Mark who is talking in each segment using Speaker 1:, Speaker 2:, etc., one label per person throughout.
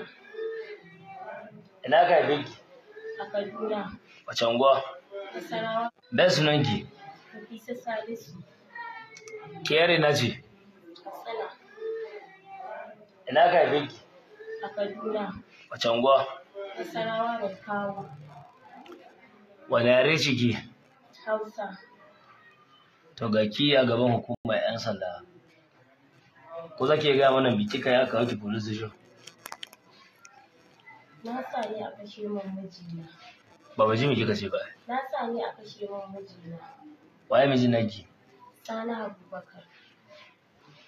Speaker 1: Kaduna. Ina ka yi binki? A Kaduna. A Wace unguwa? Sarawa. Me sunan ki? Nafisa Salisu. Ki yare na ce? Katsina. Ina ka yi binki? A Kaduna. A Wace unguwa? Sarawa da Kawo. Wane yare ce ki? Hausa. To ga ki a gaban hukumar 'yan sanda. Ko za ki gaya mana biki kai aka hauki police station? Na sa ni a kashe min mijina. Ba ba jimi kika ce ba. Na sa ni a kashe min mijina. Waye mijin naki? Sani Abubakar.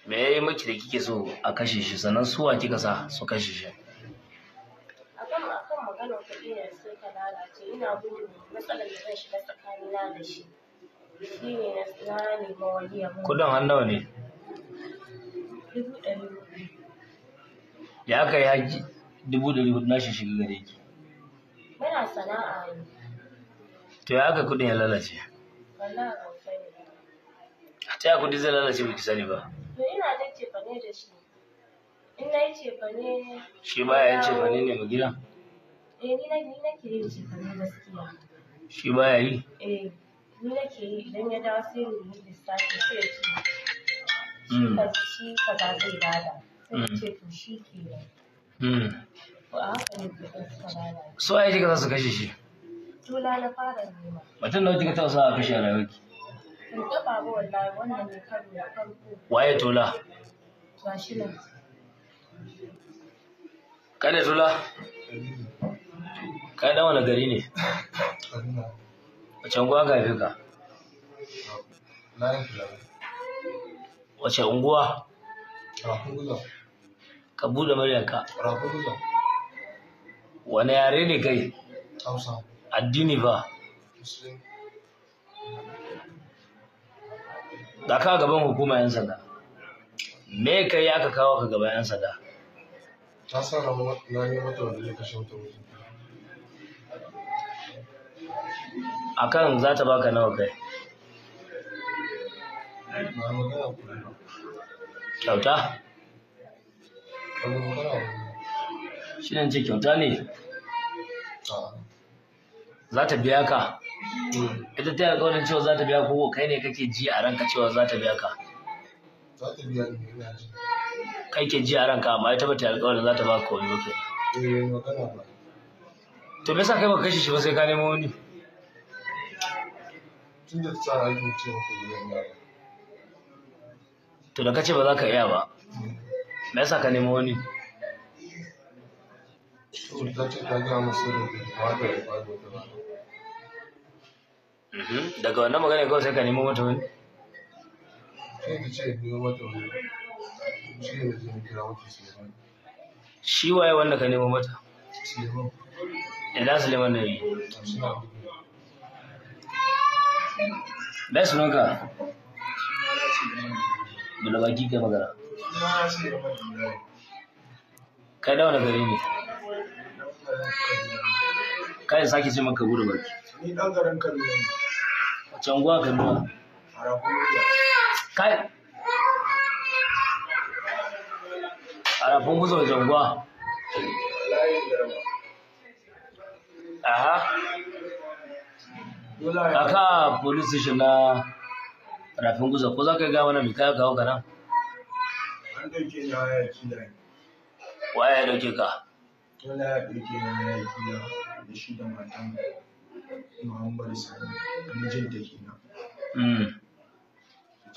Speaker 1: Me ya yi miki da kike so a kashe shi sannan suwa kika sa su kashe shi?
Speaker 2: Akan akan maganar kuɗi ne sai ka lalace ina gudun matsalar da zan shiga tsakanina da shi. Shi ne na nema wani yabo. Kuɗin
Speaker 1: har ne? Dubu ɗari. Ya kai haji dubu ɗari na shi shiga gare ki. Muna sana'a ne. To ya ga kuɗin ya lalace? Wallahi Ta ya kuɗi zai lalace baki sani ba? To ina da cefane da shi. In na yi cefane. Shi ba ya yin cefane ne ma gidan? Eh ni na ni nake yin cefane gaskiya. Shi ba ya yi? Eh ni na ke yi idan ya dawo sai mu yi lissafi sai ya ce. Mm. Shi ka shi ka ba zai bada. Sai mm. ce to shi ke yi. Hmm. so ai kika sa su kashe shi? Tula na fara nema. Mutum nawa kika taɓa sa a kashe a rayuwarki? Ban taɓa ba wallahi wannan ne karo na farko. Waye Tula? Gashi nan. Kane Tula? Kai dan wani gari ne? Wace unguwa ka haife ka? Wace unguwa? ka buɗe muryarka wani yare ne kai addini ba da ka gaban hukuma yan sanda me kai aka kawo ka gaban yan sanda ta sa na yi mata wani kashe wata A akan za ta baka nawa kai kyauta shi ne ce kyauta ne ah. za ta biya ka hmm. ita ta yi alƙawarin cewa za ta biya ko kai ne kake ji a ranka cewa za ta biya ka za kai ke ji a ranka amma ita ba ta yi alƙawarin za ta ba ka komai ba eh, to me yasa kai baka kashe shi ba sai ka nemo wani to da kace ba za ka iya ba hmm. me yasa ka nemo wani mhm. daga wannan magana kawai sai ka nemo mata wani shi waye wanda ka nemo mata ina suleiman na yi Best nunca. Me lo va a quitar para acá.
Speaker 2: kai
Speaker 1: da wani gari ne kai sake ce maka bude baki ni dan garin kaduna ne wace unguwa kaduna kai arafin guzo wace unguwa aha Aka police shi na rafin guzo ko za ka ga mana mai kawo kawo ka nan
Speaker 2: an dauke ni haya kila
Speaker 1: wa ya dauke ka
Speaker 2: wala ya ni haya kila da shi da matan Muhammad Sani mijin da ke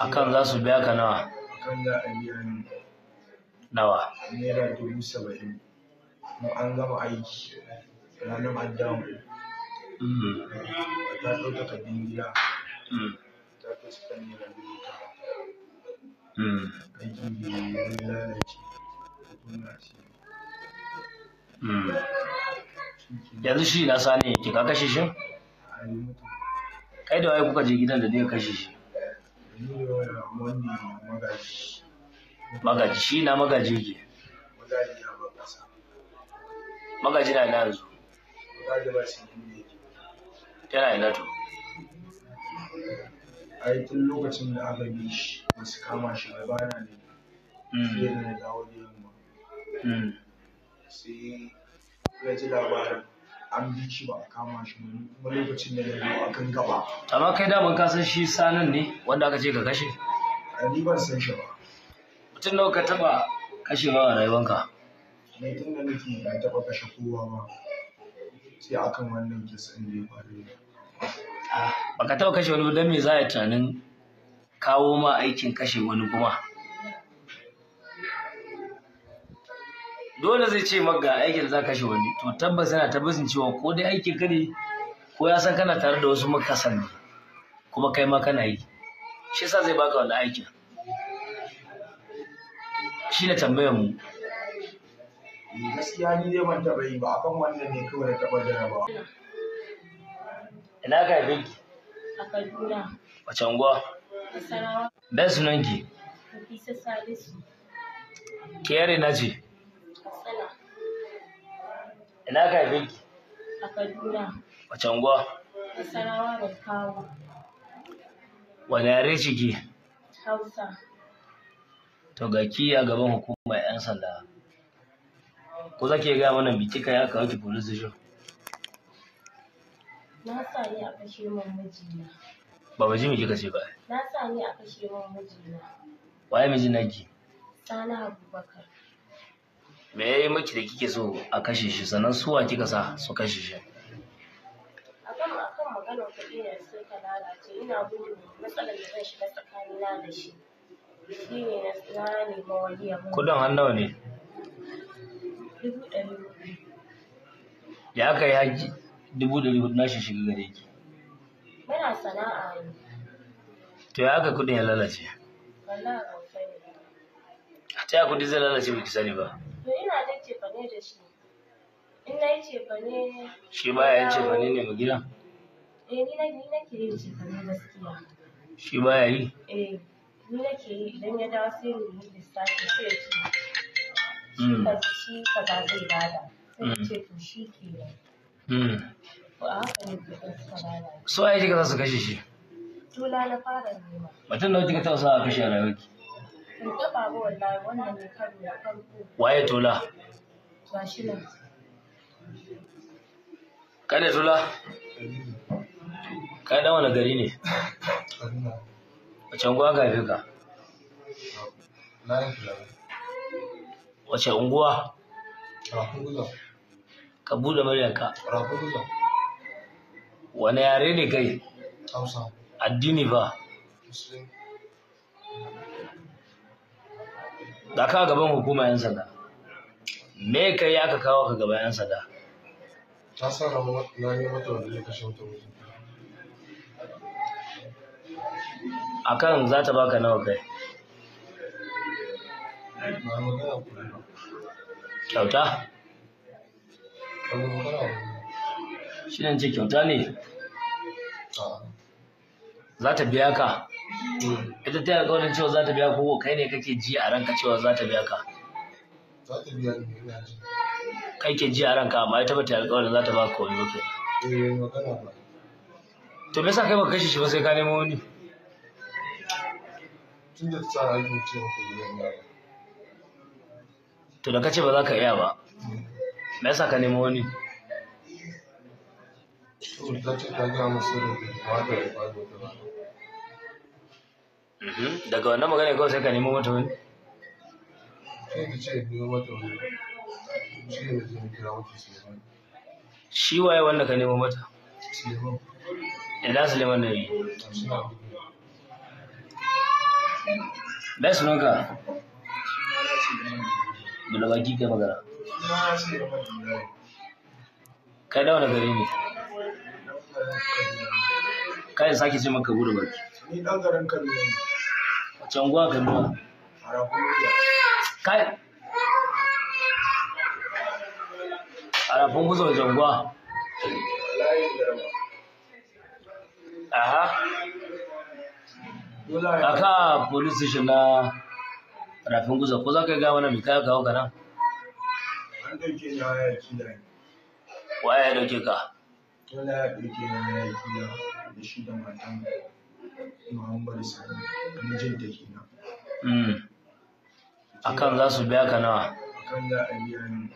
Speaker 1: hmm. za su biya ka
Speaker 2: nawa akan za a biya ni nawa naira dubu saba'in mu an gama aiki ranar addamu hmm. ta ɗauka kabin gida hmm. ta ɗauka dubu
Speaker 1: Mm. Mm. Yanzu shi na sani yake ka kashe shi? Kai da waye kuka je gidan da zai kashe shi? Magaji shi na magaji yake. Magaji na ina yanzu. Yana ina to.
Speaker 2: ai tun lokacin da aka bi shi ba su kama shi ba ba na ne hmm. sai da na dawo da yamma hmm. sai na ji labarin an bi shi ba a kama shi ba kuma lokacin da na
Speaker 1: zo a kan gaba amma kai daman ka san shi sanan ne wanda aka ce ka kashe a ni ban san shi ba mutum nawa ka taba kashewa a rayuwanka
Speaker 2: ne tun da nake ba taba kashe kowa ba sai akan wannan kisan da ya faru
Speaker 1: baka taɓa kashe wani don me za a yi tunanin kawo ma aikin kashe wani kuma dole zai ce maka aikin za kashe wani to tabbas yana tabbasin cewa ko dai aikin ka ne ko ya san kana tare da wasu makasan ne kuma kai ma kana yi shi yasa zai baka wani aikin shi ne tambayar mu
Speaker 2: eh,
Speaker 1: gaskiya ni dai ban taɓa yi ba akan wannan ne kawai da taɓa ba? Ina ka haife ki? A Kaduna. Wace unguwa? Nasarawa. Dan sunan ki? Nafisa Salisu. Ke yare na ce? Katsina. Ina ka haife ki? A Kaduna. Wace unguwa? Nasarawa da Kawo. Wane yare ce ki? Hausa. To ga ki a gaban hukumar 'yan sanda. Ko za ki gaya mana biki kai aka wuce police station? Na sa ne a kashe min mijina. Ba mijin kika ce ba. Na sa ne a kashe min mijina. Waye mijin naki? Sani Abubakar. Me ya yi miki da kike so a kashe shi sannan su wa kika sa su kashe shi? A kan maganar
Speaker 2: kuɗi ne sai ka lalace ina gudu matsalar da zan shiga tsakanina da shi. Shi ne na nema wani abu. Kuɗin har nawa ne? Dubu
Speaker 1: ɗari. Ya kai haji dubu ɗari hudu na shi shiga gare ki muna sana'a ne to ya aka kuɗin ya lalace wallahi ban sani ba ta kuɗi zai lalace biki sani ba to ina da cefane da shi in na yi cefane shi ba ya cefane ne ma gidan eh ni na ni nake yin cefane gaskiya shi ba ya yi eh ni na ke yi idan ya dawo sai mu yi lissafi sai ya ce hmm. shi kaza zai bada sai ya hmm. ce to shi ke yi. Hmm. Su waye kika sa su kashe shi? Tula na fara nema. Mutum nawa kika taɓa sa a kashe a rayuwarki? Ban taɓa ba wallahi wannan ne karo na farko. Waye Tula? Gashi nan. Kada Tula? Kai dan wani gari ne? Wace unguwa gafe ka? Wace unguwa? ka buɗe muryarka wani yare ne kai addini ba da ka gaban hukuma yan sanda me kai aka kawo ka gaban yan sanda
Speaker 2: ta sa na ne mata wanda ya kashe wata mutum
Speaker 1: akan za ta baka nawa kai kyauta shi ne ce kyauta ne za ta biya ka ita ta yi ƙaunin cewa za ta biya ko kai ne kake ji a ranka cewa za ta biya ka kai ke ji a ranka amma ita ba ta yi alƙawarin za ta ba ka wani ba to me yasa kai baka kashe shi ba sai ka nemo wani to da kace ba za ka iya ba me yasa ka nemo wani mhm. daga wannan magana kawai sai ka nemo mata wani shi waye wanda ka nemo mata
Speaker 2: ina suleiman na yi
Speaker 1: bai Bila da labaki kai magana Kai da wani gari ne? Kai sake ce maka gudu ba.
Speaker 2: Ni ɗan garin Kaduna ne.
Speaker 1: Wace unguwa Kaduna? Kai. Arafin guzo wace gwa. Aha. Aka police station na Rafin Guzo, ko za ka yi gawa na mai kawo kawo
Speaker 2: an ni haya kila
Speaker 1: waye ya ka
Speaker 2: wala ya ni kila da shi da matan muhammadu sani
Speaker 1: hmm. za su biya ka nawa
Speaker 2: akan za a biya ni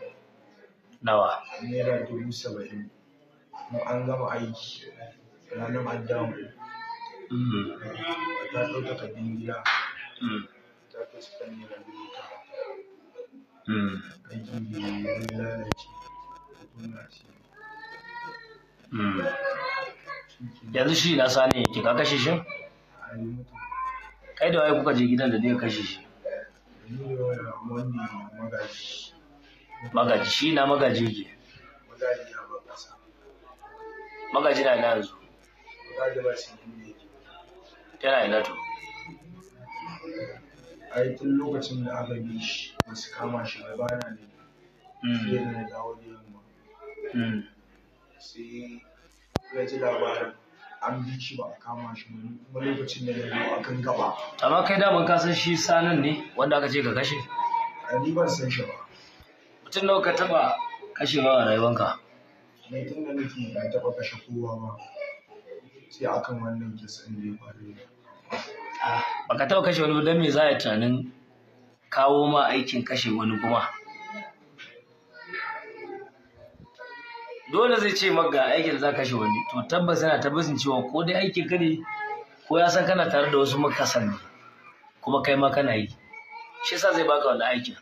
Speaker 2: nawa naira dubu saba'in mu an gama aiki ranar adamu hmm. ta ɗauka kabin hmm. ta Mm. Aikin gini ya ya lalace.
Speaker 1: Mm. Yanzu shi na sani yake ka kashe shi? Kai da waye kuka je gidan da zai kashe shi? Magaji shi na magaji yake. Magaji na yanzu. Yana ina to.
Speaker 2: Ai tun lokacin da aka bi shi. masu kama shi ba ba na ne
Speaker 1: hmm. sai na
Speaker 2: dawo da yamma hmm. sai na ji labarin an bi shi ba a kama shi ba kuma lokacin da ya a kan
Speaker 1: gaba amma kai daman ka san shi sanan ne wanda aka ce ka kashe ni ban san shi ba
Speaker 2: mutum nawa ka taba
Speaker 1: ba a rayuwanka
Speaker 2: mai tun da nake ba taba kashe kowa ba sai akan wannan kisan da ya faru
Speaker 1: ah, ka taba kashe wani ba don me za a yi tunanin kawo ma aikin kashe wani kuma dole zai ce maka aikin za kashe wani to tabbas yana tabbasin cewa ko dai aikin ka ne ko ya san kana tare da wasu makasan kuma kai ma kana yi shi yasa zai baka wani aikin